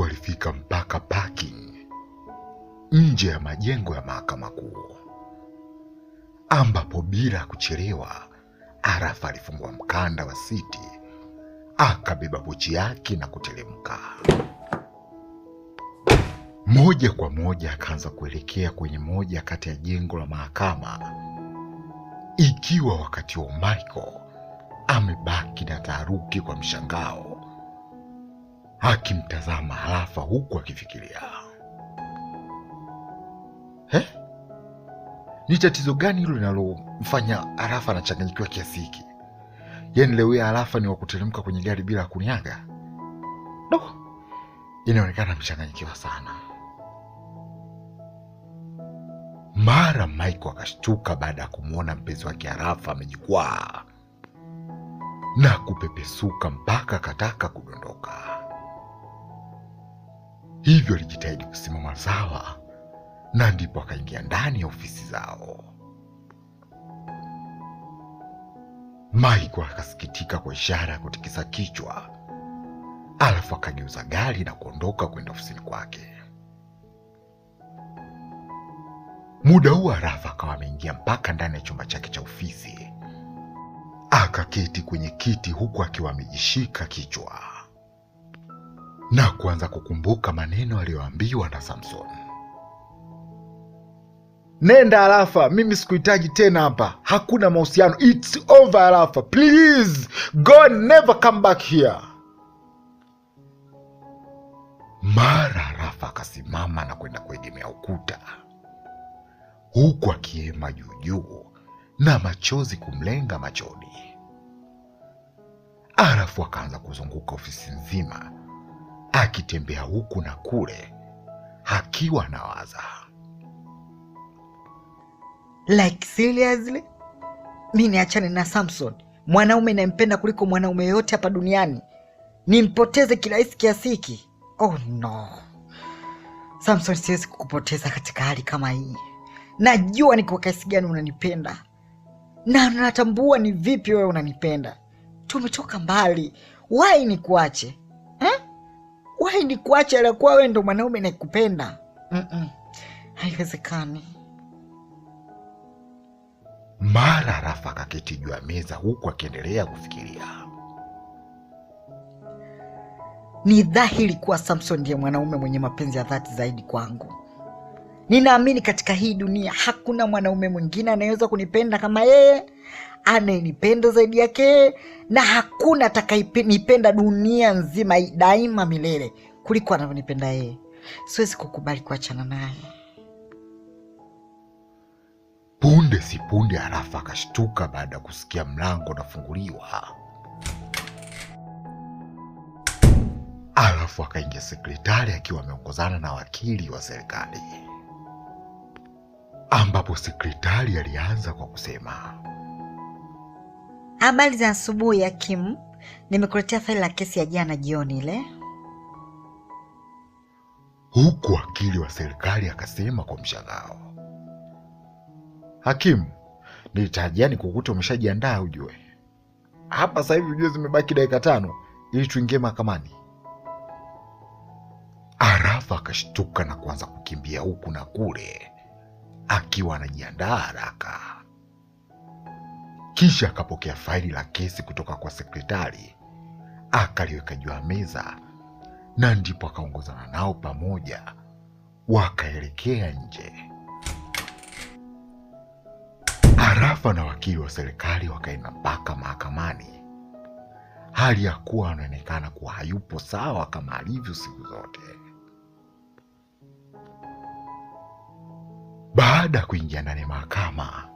usiku alifika mpaka parking nje ya majengo ya mahakama kuu, ambapo bila kuchelewa Arafa alifungua mkanda wa siti, akabeba pochi yake na kutelemka moja kwa moja akaanza kuelekea kwenye moja kati ya jengo la mahakama, ikiwa wakati huo Michael amebaki na taharuki kwa mshangao akimtazama halafa huku akifikiria eh? ni tatizo gani hilo linalomfanya Arafa anachanganyikiwa kiasi hiki? Yaani leo hii Arafa ni wakuteremka kwenye gari bila kuniaga? No, inaonekana amechanganyikiwa sana. Mara Michael akashtuka baada ya kumwona mpenzi wake Arafa amejikwaa na kupepesuka mpaka akataka kudondoka hivyo alijitahidi kusimama sawa, na ndipo akaingia ndani ya ofisi zao. Michael akasikitika kwa ishara ya kutikisa kichwa, alafu akageuza gari na kuondoka kwenda ofisini kwake. Muda huo Arafa akawa ameingia mpaka ndani ya chumba chake cha ofisi, akaketi kwenye kiti huku akiwa amejishika kichwa na kuanza kukumbuka maneno aliyoambiwa na samson Nenda Arafa, mimi sikuhitaji tena hapa, hakuna mahusiano. It's over Arafa, please go and never come back here. Mara Arafa akasimama na kwenda kuegemea ukuta, huku akiema juujuu na machozi kumlenga machoni. Arafu akaanza kuzunguka ofisi nzima akitembea huku na kule, akiwa na waza like seriously, mi niachane na Samson, mwanaume nayempenda kuliko mwanaume yoyote hapa duniani, nimpoteze kirahisi kiasi hiki? Oh no Samson, siwezi kukupoteza katika hali kama hii. Najua ni kwa kiasi gani unanipenda na natambua ni vipi wewe unanipenda. Tumetoka mbali, wai ni kuache hii ni kuacha la kuwa wewe ndo mwanaume nakupenda. mm -mm. Haiwezekani. Mara Rafa kaketi juu ya meza huku akiendelea kufikiria. Ni dhahiri kuwa Samson ndiye mwanaume mwenye mapenzi ya dhati zaidi kwangu. Ninaamini katika hii dunia hakuna mwanaume mwingine anayeweza kunipenda kama yeye, anayenipenda zaidi yake, na hakuna atakayenipenda dunia nzima, daima, milele kuliko anavyonipenda yeye. Siwezi kukubali kuachana naye. Punde si punde, halafu akashtuka baada ya kusikia mlango unafunguliwa, alafu akaingia sekretari akiwa ameongozana na wakili wa serikali, ambapo sekretari alianza kwa kusema habari za asubuhi ya nimekuletea faili la kesi ya jana jioni ile huku wakili wa serikali akasema kwa mshangao, hakimu, nilitarajia kukuta umeshajiandaa ujue. Hapa sasa hivi ujue zimebaki dakika tano ili tuingie mahakamani. Arafa akashtuka na kuanza kukimbia huku na kule akiwa anajiandaa haraka. Kisha akapokea faili la kesi kutoka kwa sekretari akaliweka juu ya meza na ndipo akaongozana nao pamoja wakaelekea nje. Arafa na wakili wa serikali wakaenda mpaka mahakamani, hali ya kuwa anaonekana kuwa hayupo sawa kama alivyo siku zote. Baada ya kuingia ndani ya mahakama,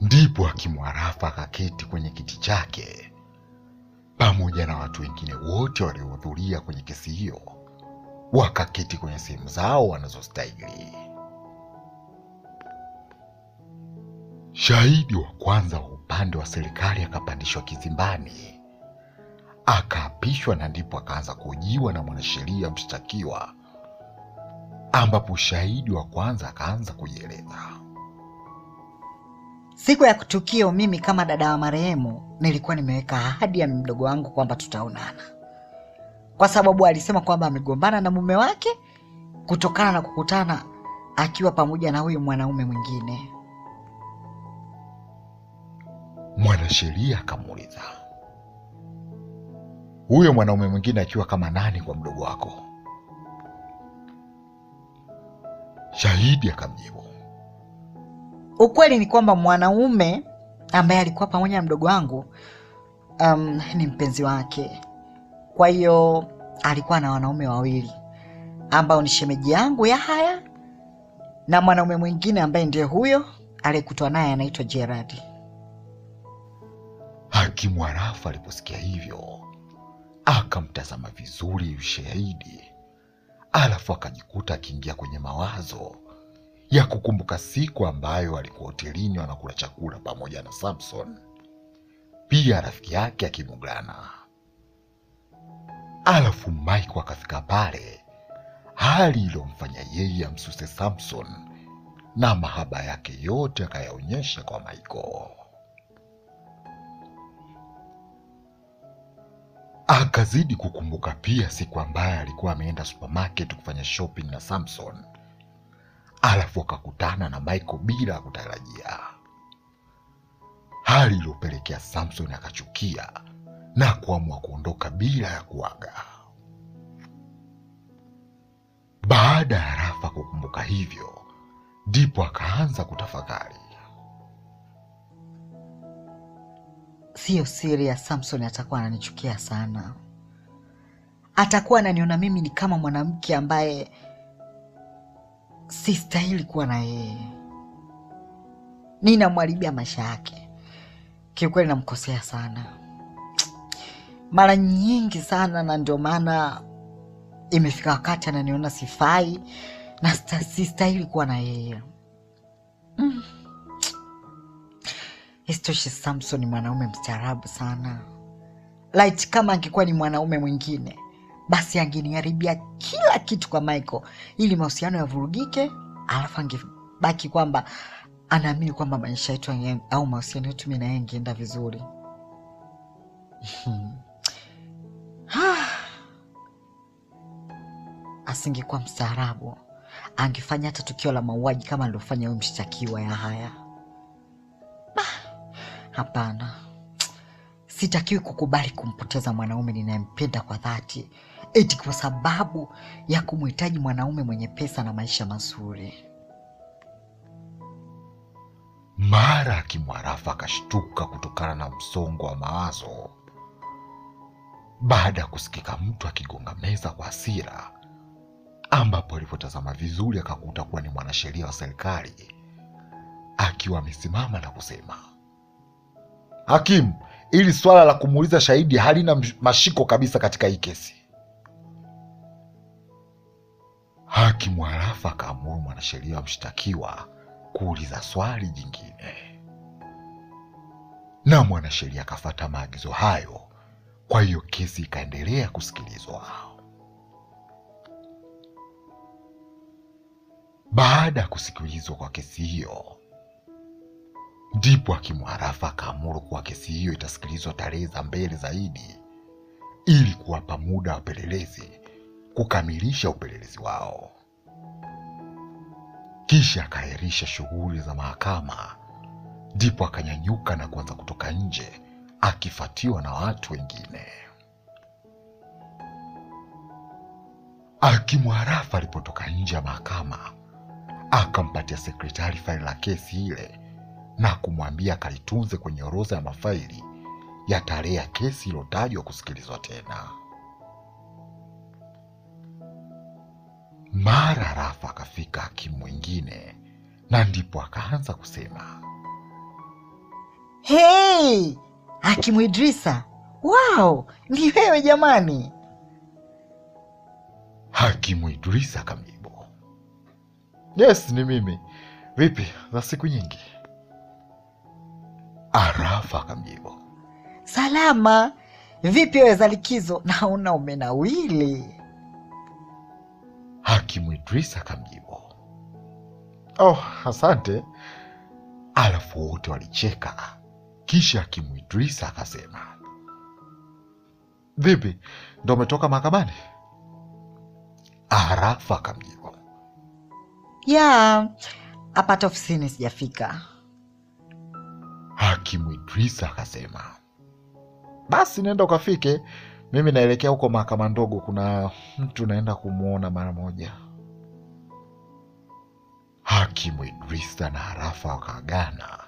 ndipo hakimu Arafa akaketi kwenye kiti chake pamoja na watu wengine wote waliohudhuria kwenye kesi hiyo wakaketi kwenye sehemu zao wanazostahili. Shahidi wa kwanza wa upande wa serikali akapandishwa kizimbani, akaapishwa na ndipo akaanza kuhojiwa na mwanasheria mshtakiwa, ambapo shahidi wa kwanza akaanza kujieleza. Siku ya tukio, mimi kama dada wa marehemu nilikuwa nimeweka ahadi ya mdogo wangu kwamba tutaonana, kwa sababu alisema kwamba amegombana na mume wake kutokana na kukutana akiwa pamoja na huyu mwanaume mwingine. Mwanasheria akamuuliza huyo mwanaume mwingine akiwa kama nani kwa mdogo wako? Shahidi akamjibu Ukweli ni kwamba mwanaume ambaye alikuwa pamoja na mdogo wangu um, ni mpenzi wake. Kwa hiyo alikuwa na wanaume wawili ambao ni shemeji yangu Yahaya na mwanaume mwingine ambaye ndiye huyo aliyekutwa naye anaitwa Gerard. Hakimu Arafa aliposikia hivyo akamtazama vizuri ushahidi, alafu akajikuta akiingia kwenye mawazo ya kukumbuka siku ambayo alikuwa hotelini wanakula chakula pamoja na Samson, pia rafiki yake akimugana. Alafu Mike akafika pale, hali iliyomfanya yeye amsuse Samson na mahaba yake yote akayaonyesha kwa Mike. Akazidi kukumbuka pia siku ambayo alikuwa ameenda supermarket kufanya shopping na Samson alafu akakutana na Michael bila kutarajia, hali iliyopelekea Samson akachukia na kuamua kuondoka bila ya kuaga. Baada ya Rafa kukumbuka hivyo, ndipo akaanza kutafakari. Siyo siri ya Samson atakuwa ananichukia sana, atakuwa ananiona mimi ni kama mwanamke ambaye sistahili kuwa na yeye, ninamharibia maisha yake. Kiukweli namkosea sana, mara nyingi sana, na ndio maana imefika wakati ananiona sifai na sistahili kuwa na yeye. Mm. Isitoshe, Samson ni mwanaume mstaarabu sana. Laiti kama angekuwa ni mwanaume mwingine basi angeniharibia kila kitu kwa Michael ili mahusiano yavurugike, alafu angebaki kwamba anaamini kwamba maisha yetu au mahusiano yetu mi naye ngienda vizuri. Hmm. Asingekuwa mstaarabu, angefanya hata tukio la mauaji kama alilofanya huyo mshtakiwa. Ya haya, hapana, sitakiwi kukubali kumpoteza mwanaume ninayempenda kwa dhati eti kwa sababu ya kumhitaji mwanaume mwenye pesa na maisha mazuri. Mara akimwarafa akashtuka kutokana na msongo wa mawazo baada ya kusikika mtu akigonga meza kwa hasira, ambapo alipotazama vizuri akakuta kuwa ni mwanasheria wa serikali akiwa amesimama na kusema, hakimu, ili swala la kumuuliza shahidi halina mashiko kabisa katika hii kesi. Hakimu halafu akaamuru mwanasheria wa mshtakiwa kuuliza swali jingine, na mwanasheria akafata maagizo hayo. Kwa hiyo kesi ikaendelea kusikilizwa. Baada ya kusikilizwa kwa kesi hiyo, ndipo hakimu harafa akaamuru kuwa kesi hiyo itasikilizwa tarehe za mbele zaidi, ili kuwapa muda wapelelezi kukamilisha upelelezi wao. Kisha akaahirisha shughuli za mahakama, ndipo akanyanyuka na kuanza kutoka nje akifuatiwa na watu wengine. Akimwarafa alipotoka nje ya mahakama, akampatia sekretari faili la kesi ile na kumwambia akalitunze kwenye orodha ya mafaili ya tarehe ya kesi iliyotajwa kusikilizwa tena. Mara Rafa akafika hakimu mwingine, na ndipo akaanza kusema, hey, hakimu Idrisa, wao ni wewe jamani! Hakimu Idrisa akamjibu, yes, ni mimi. Vipi za siku nyingi? Arafa akamjibu, salama. Vipi wewe za likizo, naona umenawili. Hakimu Idris akamjibu, oh, asante. Alafu wote walicheka. Kisha Hakimu Idris akasema, vipi, ndo umetoka mahakamani? Arafa akamjibu, ya hapata ofisini, sijafika. Hakimu Idris akasema, basi nenda ukafike mimi naelekea huko mahakama ndogo, kuna mtu naenda kumwona mara moja. Hakimu Idrisa na Harafa wakaagana,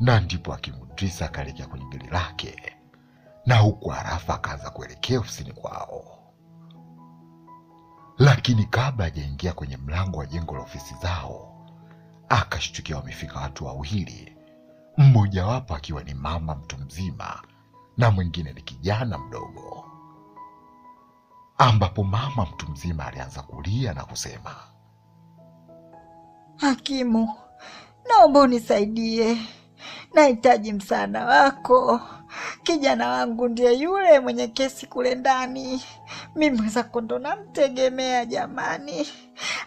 na ndipo hakimu Idrisa akaelekea kwenye gari lake na huku Harafa akaanza kuelekea ofisini kwao, lakini kabla hajaingia kwenye mlango wa jengo la ofisi zao akashtukia wamefika watu wawili, mmojawapo akiwa ni mama mtu mzima na mwingine ni kijana mdogo, ambapo mama mtu mzima alianza kulia na kusema, hakimu, naomba unisaidie, nahitaji msaada wako. Kijana wangu ndiye yule mwenye kesi kule ndani, mimi zako ndo namtegemea jamani.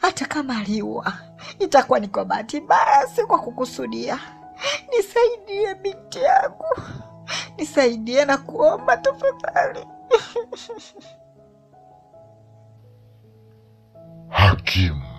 Hata kama aliua itakuwa ni kwa bahati mbaya, si kwa kukusudia. Nisaidie binti yangu nisaidie na kuomba tafadhali. Hakimu